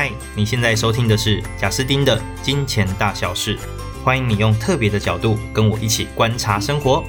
嗨，你現在收聽的是賈斯丁的《金錢大小事》，歡迎你用特別的角度跟我一起觀察生活。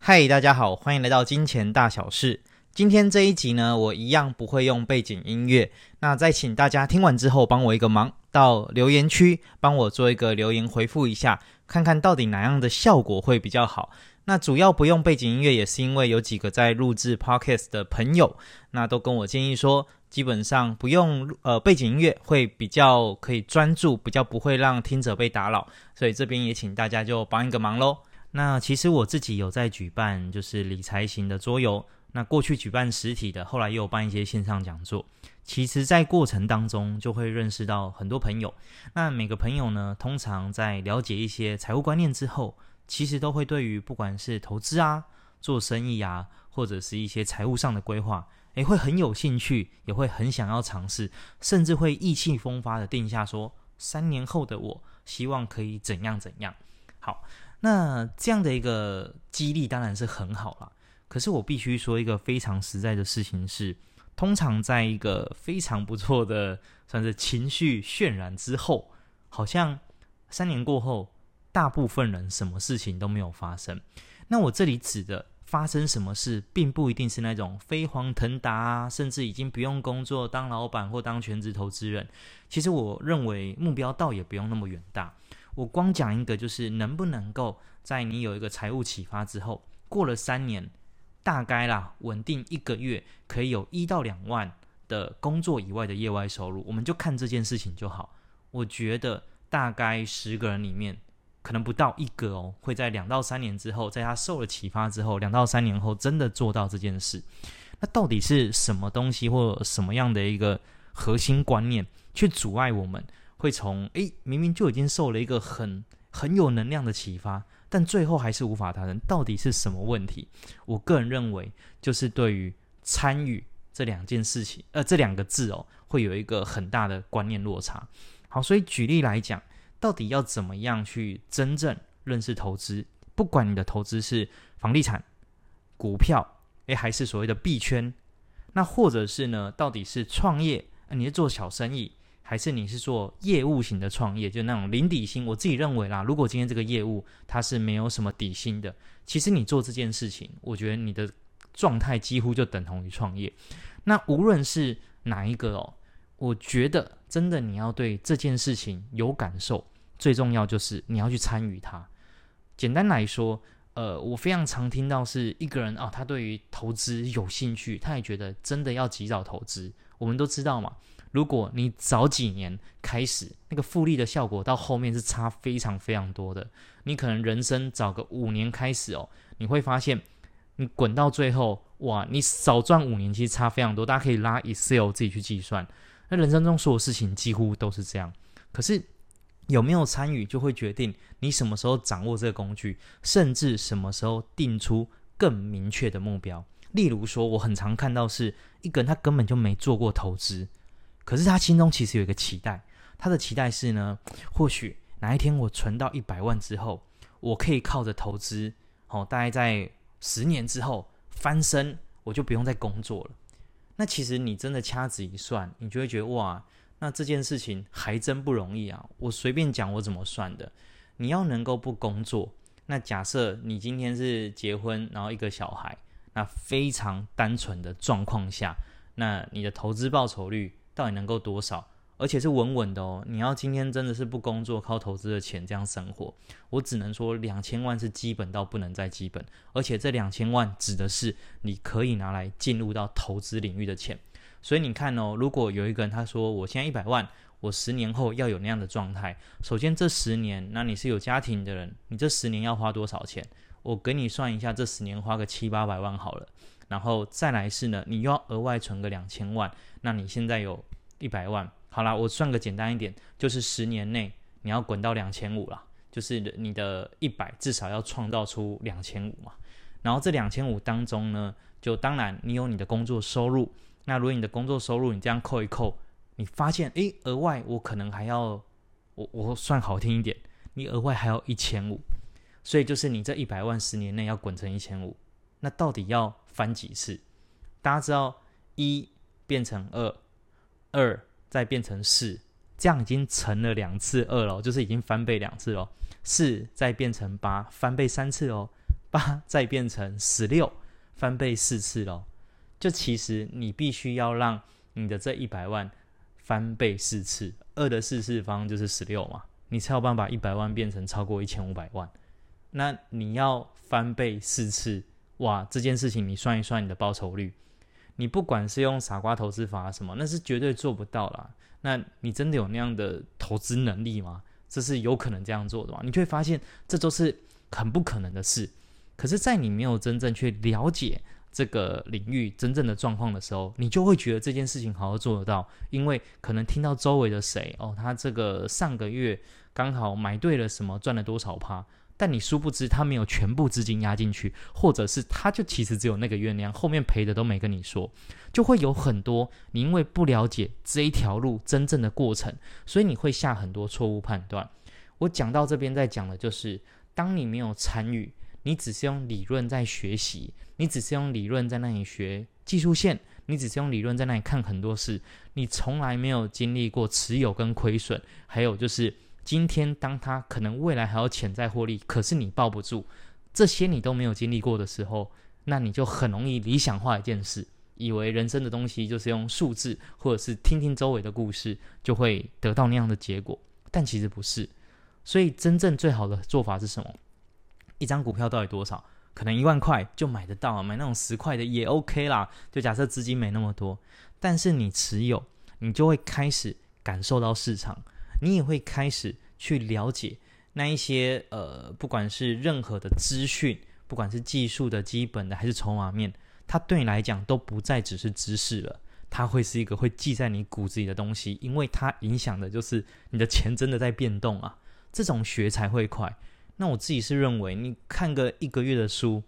嗨，大家好，歡迎來到《金錢大小事》。今天這一集呢，我一樣不會用背景音樂。那再請大家聽完之後，幫我一個忙，到留言區幫我做一個留言回復一下，看看到底哪樣的效果會比較好。那主要不用背景音樂，也是因為有幾個在錄制 podcast 的朋友，那都跟我建議說，基本上不用呃背景音樂會比較可以專注，比較不會讓聽者被打擾。所以這邊也請大家就幫一個忙嘍。那其實我自己有在舉辦就是理財型的桌遊，那過去舉辦實體的，後來也有辦一些線上講座。其實，在過程當中就會認識到很多朋友。那每個朋友呢，通常在了解一些財務觀念之後。其實都會對於不管是投資啊、做生意啊，或者是一些財務上的規劃，也會很有興趣，也會很想要嘗試，甚至會意氣風發的定下說，三年後的我希望可以怎樣怎樣。好，那這樣的一個激勵當然是很好了，可是我必須說一個非常實在的事情是，通常在一個非常不錯的算是情緒渲染之後，好像三年過後。大部分人什麼事情都沒有發生。那我這裡指的發生什麼事，並不一定是那種飛黃騰達啊，甚至已經不用工作當老闆或當全職投資人。其實我認為目標倒也不用那麼遠大。我光講一個，就是能不能夠在你有一個財務啟發之後，過了三年，大概啦，穩定一個月，可以有一到兩萬的工作以外的業外收入，我們就看這件事情就好。我覺得大概十個人裡面。可能不到一個哦，會在兩到三年之後，在他受了啟發之後，兩到三年後真的做到這件事。那到底是什麼東西，或者什麼樣的一個核心觀念，去阻礙我們會從，誒，明明就已經受了一個很很有能量的啟發，但最後還是無法達成？到底是什麼問題？我個人認為，就是對於參與這兩件事情，呃，這兩個字哦，會有一個很大的觀念落差。好，所以舉例來講。到底要怎麼樣去真正認識投資？不管你的投資是房地產、股票，誒，還是所謂的幣圈，那或者是呢？到底是創業？你是做小生意，還是你是做業務型的創業？就那種零底薪。我自己認為啦，如果今天這個業務它是沒有什麼底薪的，其實你做這件事情，我覺得你的狀態幾乎就等同於創業。那無論是哪一個哦。我覺得真的，你要對這件事情有感受，最重要就是你要去參與它。簡單來說，呃，我非常常聽到是一個人啊，他對於投資有興趣，他也覺得真的要及早投資。我們都知道嘛，如果你早幾年開始，那個複利的效果到後面是差非常非常多的。你可能人生早個五年開始哦，你會發現你滾到最後，哇，你少賺五年其實差非常多。大家可以拉 Excel 自己去計算。那人生中所有事情幾乎都是這樣，可是有沒有參與就會決定你什麼時候掌握這個工具，甚至什麼時候定出更明確的目標。例如說，我很常看到是一個人他根本就沒做過投資，可是他心中其實有一個期待，他的期待是呢，或許哪一天我存到一百萬之後，我可以靠着投資，好、哦，大概在十年之後翻身，我就不用再工作了。那其實你真的掐指一算，你就會覺得哇，那這件事情還真不容易啊！我隨便講我怎麼算的，你要能夠不工作，那假設你今天是結婚，然後一個小孩，那非常單純的狀況下，那你的投資報酬率到底能夠多少？而且是穩穩的哦，你要今天真的是不工作，靠投資的錢這樣生活，我只能說，兩千萬是基本到不能再基本。而且這兩千萬指的是你可以拿來進入到投資領域的錢。所以你看哦，如果有一個人他說：“我現在一百萬，我十年後要有那樣的狀態。”首先這十年，那你是有家庭的人，你這十年要花多少錢？我給你算一下，這十年花個七八百萬好了。然後再來是呢，你又要額外存個兩千萬，那你現在有一百萬。好啦，我算個簡單一點，就是十年內你要滾到兩千五啦，就是你的一百至少要創造出兩千五嘛。然後這兩千五當中呢，就當然你有你的工作收入，那如果你的工作收入你這樣扣一扣，你發現，誒，額外我可能還要，我我算好聽一點，你額外還要一千五，所以就是你這一百萬十年內要滾成一千五，那到底要翻幾次？大家知道一變成二，二。再變成四，這樣已經乘了兩次二了，就是已經翻倍兩次了。四再變成八，翻倍三次哦。八再變成十六，翻倍四次嘍。就其實你必須要讓你的這一百萬翻倍四次，二的四次方就是十六嘛，你才有辦法把一百萬變成超過一千五百萬。那你要翻倍四次，哇，這件事情你算一算你的報酬率。你不管是用傻瓜投資法、啊、什麼，那是絕對做不到啦。那你真的有那樣的投資能力嗎？這是有可能這樣做的嗎？你就會發現，這都是很不可能的事。可是，在你沒有真正去了解這個領域真正的狀況的時候，你就會覺得這件事情好好做得到，因為可能聽到周圍的誰哦，他這個上個月剛好買對了什麼，賺了多少趴。但你殊不知，他沒有全部資金壓進去，或者是他就其實只有那個月亮，後面賠的都沒跟你說，就會有很多你因為不了解這一條路真正的過程，所以你會下很多錯誤判斷。我講到這邊，在講的就是，當你沒有參與，你只是用理論在學習，你只是用理論在那裡學技術線，你只是用理論在那裡看很多事，你從來沒有經歷過持有跟虧損，還有就是。今天，當他可能未來還有潛在獲利，可是你抱不住，這些你都沒有經歷過的時候，那你就很容易理想化一件事，以為人生的東西就是用數字，或者是聽聽周圍的故事，就會得到那樣的結果，但其實不是。所以，真正最好的做法是什麼？一張股票到底多少？可能一萬塊就買得到，買那種十塊的也 OK 啦。就假設資金沒那麼多，但是你持有，你就會開始感受到市場。你也會開始去了解那一些，呃，不管是任何的資訊，不管是技術的基本的還是籌碼面，它對你來講都不再只是知識了，它會是一個會記在你骨子裡的東西，因為它影響的就是你的錢真的在變動啊。這種學才會快。那我自己是認為，你看個一個月的書，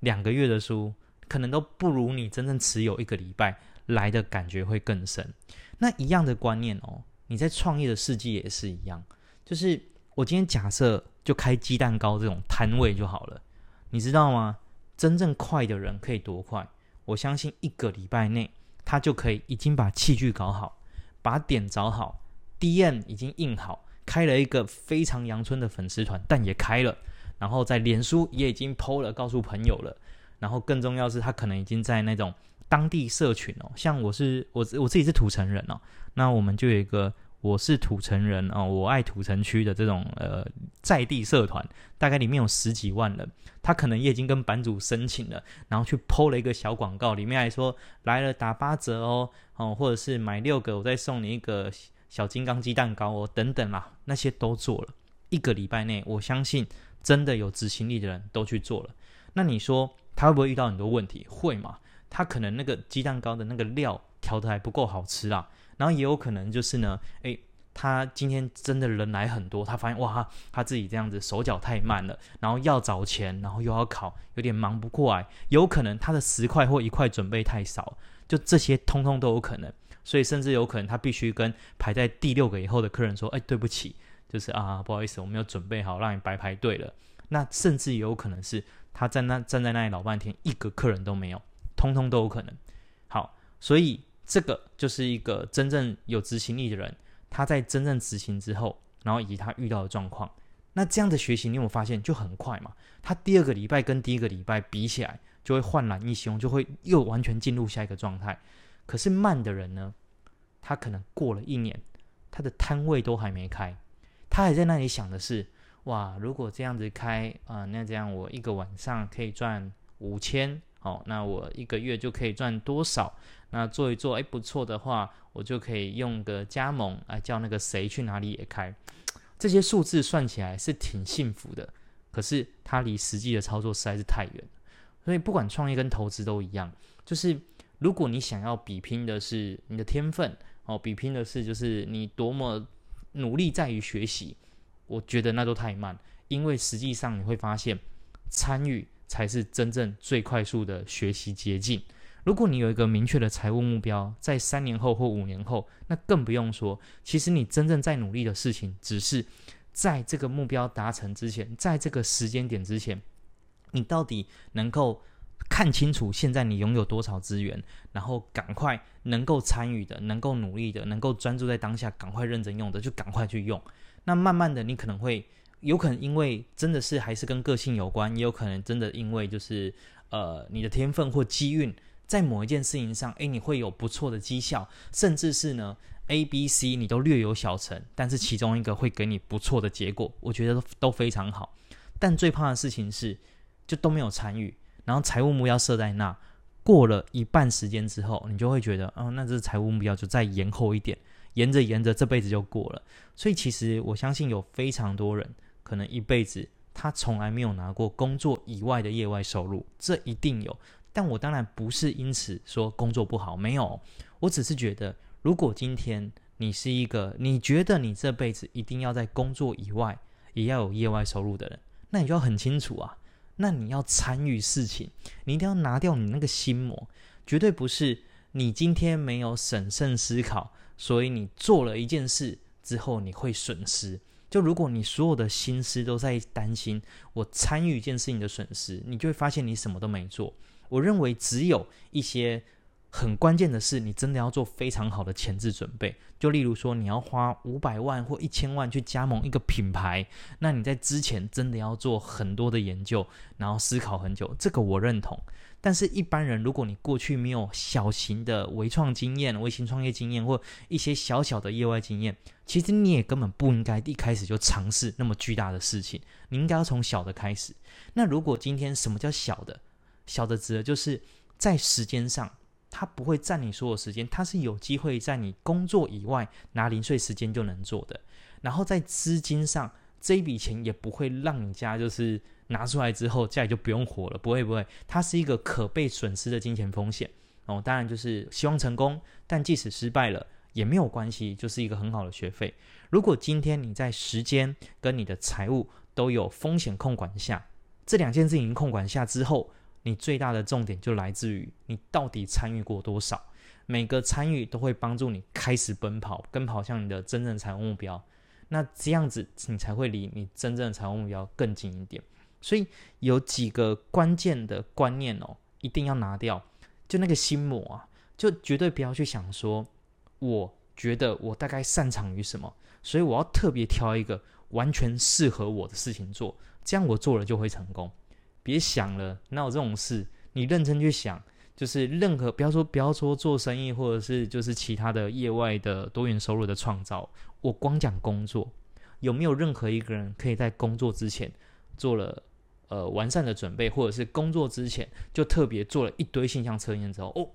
兩個月的書，可能都不如你真正持有一個禮拜來的感覺會更深。那一樣的觀念哦。你在創業的世界也是一樣，就是我今天假設就開雞蛋糕這種攤位就好了，你知道嗎？真正快的人可以多快，我相信一個禮拜內他就可以已經把器具搞好，把點找好，DM 已經印好，開了一個非常陽春的粉絲團，但也開了，然後在臉書也已經 PO 了，告訴朋友了，然後更重要的是他可能已經在那種。當地社群哦，像我是我我自己是土城人哦，那我們就有一個我是土城人哦，我愛土城區的這種呃在地社團，大概裡面有十幾萬人，他可能也已經跟版主申請了，然後去 po 了一個小廣告，裡面還說來了打八折哦哦，或者是買六個我再送你一個小金剛雞蛋糕哦等等啦，那些都做了，一個禮拜內我相信真的有執行力的人都去做了，那你說他會不會遇到很多問題？會嗎？他可能那個雞蛋糕的那個料調得還不夠好吃啦，然後也有可能就是呢，哎，他今天真的人來很多，他發現哇他，他自己這樣子手腳太慢了，然後要找錢，然後又要烤，有點忙不過來，有可能他的十塊或一塊準備太少，就這些通通都有可能，所以甚至有可能他必須跟排在第六個以後的客人說，哎，對不起，就是啊，不好意思，我沒有準備好，讓你白排隊了。那甚至也有可能是他站那站在那裡老半天，一個客人都沒有。通通都有可能，好，所以這個就是一個真正有執行力的人，他在真正執行之後，然後以及他遇到的狀況，那這樣的學習你有，有發現就很快嘛？他第二個禮拜跟第一個禮拜比起來，就會煥然一新，就會又完全進入下一個狀態。可是慢的人呢，他可能過了一年，他的攤位都還沒開，他還在那裡想的是：哇，如果這樣子開啊、呃，那這樣我一個晚上可以賺五千。哦，那我一個月就可以賺多少？那做一做，哎，不錯的話，我就可以用個加盟來叫那個誰去哪裡也開。這些數字算起來是挺幸福的，可是它離實際的操作實在是太遠。所以不管創業跟投資都一樣，就是如果你想要比拼的是你的天分，哦，比拼的是就是你多麼努力在於學習，我覺得那都太慢，因為實際上你會發現參與。才是真正最快速的學習捷徑。如果你有一個明確的財務目標，在三年後或五年後，那更不用說。其實你真正在努力的事情，只是在這個目標達成之前，在這個時間點之前，你到底能夠看清楚現在你擁有多少資源，然後趕快能夠參與的、能夠努力的、能夠專注在當下，趕快認真用的，就趕快去用。那慢慢的，你可能會。有可能因為真的是還是跟個性有關，也有可能真的因為就是呃你的天分或機運，在某一件事情上，哎，你會有不錯的績效，甚至是呢 A、B、C 你都略有小成，但是其中一個會給你不錯的結果，我覺得都都非常好。但最怕的事情是，就都沒有參與，然後財務目標設在那，過了一半時間之後，你就會覺得，哦，那這財務目標就再延後一點，延着延着這輩子就過了。所以其實我相信有非常多人。可能一輩子他從來沒有拿過工作以外的業外收入，這一定有。但我當然不是因此說工作不好，沒有。我只是覺得，如果今天你是一個你覺得你這輩子一定要在工作以外也要有業外收入的人，那你就要很清楚啊，那你要參與事情，你一定要拿掉你那個心魔。絕對不是你今天沒有審慎思考，所以你做了一件事之後你會損失。就如果你所有的心思都在擔心我參與一件事情的損失，你就會發現你什麼都沒做。我認為只有一些很關鍵的事，你真的要做非常好的前置準備。就例如說，你要花五百萬或一千萬去加盟一個品牌，那你在之前真的要做很多的研究，然後思考很久。這個我認同。但是，一般人如果你過去沒有小型的微創經驗、微型創業經驗或一些小小的業外經驗，其實你也根本不應該一開始就嘗試那麼巨大的事情。你應該要從小的開始。那如果今天什麼叫小的？小的指的就是在時間上，它不會佔你所有時間，它是有機會在你工作以外拿零碎時間就能做的。然後在資金上，這一筆錢也不會讓你家就是。拿出來之後，再也就不用活了。不會，不會，它是一個可被損失的金錢風險哦。當然，就是希望成功，但即使失敗了也沒有關係，就是一個很好的學費。如果今天你在時間跟你的財務都有風險控管下，這兩件事情控管下之後，你最大的重點就來自於你到底參與過多少，每個參與都會幫助你開始奔跑，奔跑向你的真正財務目標。那這樣子，你才會離你真正的財務目標更近一點。所以有幾個關鍵的觀念哦，一定要拿掉，就那個心魔啊，就絕對不要去想說，我覺得我大概擅長於什麼，所以我要特別挑一個完全適合我的事情做，這樣我做了就會成功。別想了，哪有這種事。你認真去想，就是任何不要說不要說做生意，或者是就是其他的業外的多元收入的創造，我光講工作，有沒有任何一個人可以在工作之前做了？呃，完善的準備，或者是工作之前就特別做了一堆性向測驗之後，哦，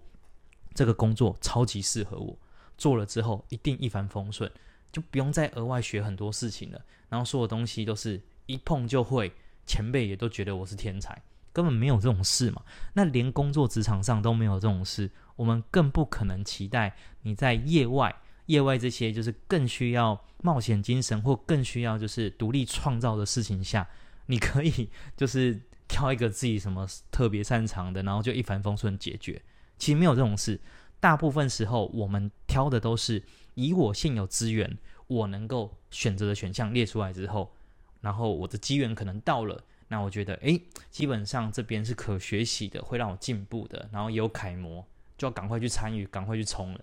這個工作超級適合我，做了之後一定一帆風順，就不用再額外學很多事情了。然後所有東西都是一碰就會，前輩也都覺得我是天才，根本沒有這種事嘛。那連工作職場上都沒有這種事，我們更不可能期待你在業外、業外這些就是更需要冒險精神或更需要就是獨立創造的事情下。你可以就是挑一個自己什麼特別擅長的，然後就一帆風順解決。其實沒有這種事，大部分時候我們挑的都是以我現有資源，我能夠選擇的選項列出來之後，然後我的機緣可能到了，那我覺得誒、欸，基本上這邊是可學習的，會讓我進步的，然後也有楷模，就要趕快去參與，趕快去衝了。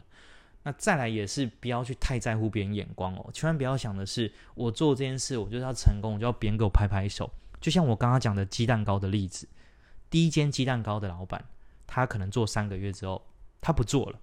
那再來也是不要去太在乎別人眼光哦，千萬不要想的是我做這件事，我就是要成功，我就要別人給我拍拍手。就像我剛剛講的雞蛋糕的例子，第一間雞蛋糕的老板，他可能做三個月之後，他不做了，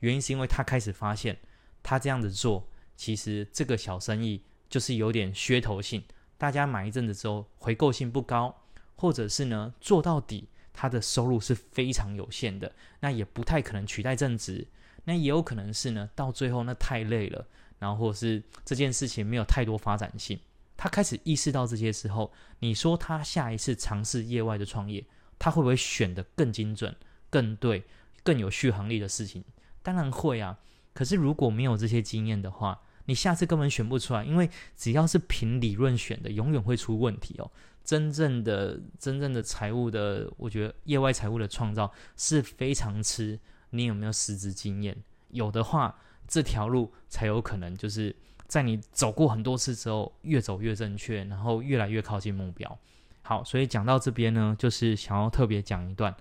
原因是因為他開始發現，他這樣子做，其實這個小生意就是有點噱頭性，大家買一陣子之後回購性不高，或者是呢做到底他的收入是非常有限的，那也不太可能取代正職，那也有可能是呢，到最後那太累了，然後或是這件事情沒有太多發展性，他開始意識到這些時候，你說他下一次嘗試業外的創業，他會不會選得更精準、更對、更有續航力的事情？當然會啊。可是如果沒有這些經驗的話，你下次根本選不出來，因為只要是憑理論選的，永遠會出問題哦。真正的、真正的財務的，我覺得業外財務的創造是非常吃。你有沒有實質經驗？有的話，這條路才有可能，就是在你走過很多次之後，越走越正確，然後越來越靠近目標。好，所以講到這邊呢，就是想要特別講一段，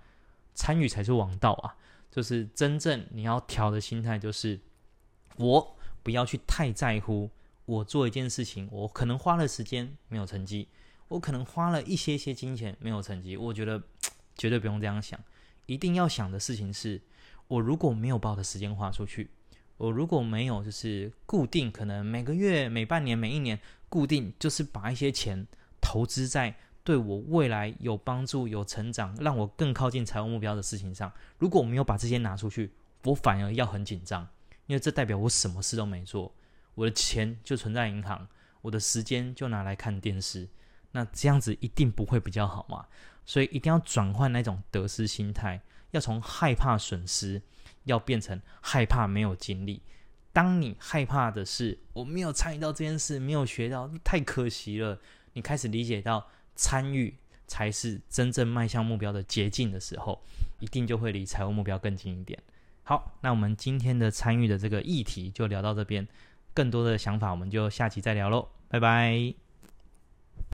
參與才是王道啊！就是真正你要調的心態，就是我不要去太在乎，我做一件事情，我可能花了時間沒有成績，我可能花了一些些金錢沒有成績，我覺得絕對不用這樣想，一定要想的事情是。我如果沒有把我的時間花出去，我如果沒有就是固定，可能每個月、每半年、每一年固定，就是把一些錢投資在對我未來有幫助、有成長、讓我更靠近財務目標的事情上。如果我沒有把這些拿出去，我反而要很緊張，因為這代表我什麼事都沒做，我的錢就存在銀行，我的時間就拿來看電視。那這樣子一定不會比較好嘛？所以一定要轉換那種得失心態。要從害怕損失，要變成害怕沒有經歷。當你害怕的是我沒有參與到這件事，沒有學到，太可惜了。你開始理解到參與才是真正邁向目標的捷徑的時候，一定就會離財務目標更近一點。好，那我們今天的參與的這個議題就聊到這邊，更多的想法我們就下期再聊嘍，拜拜。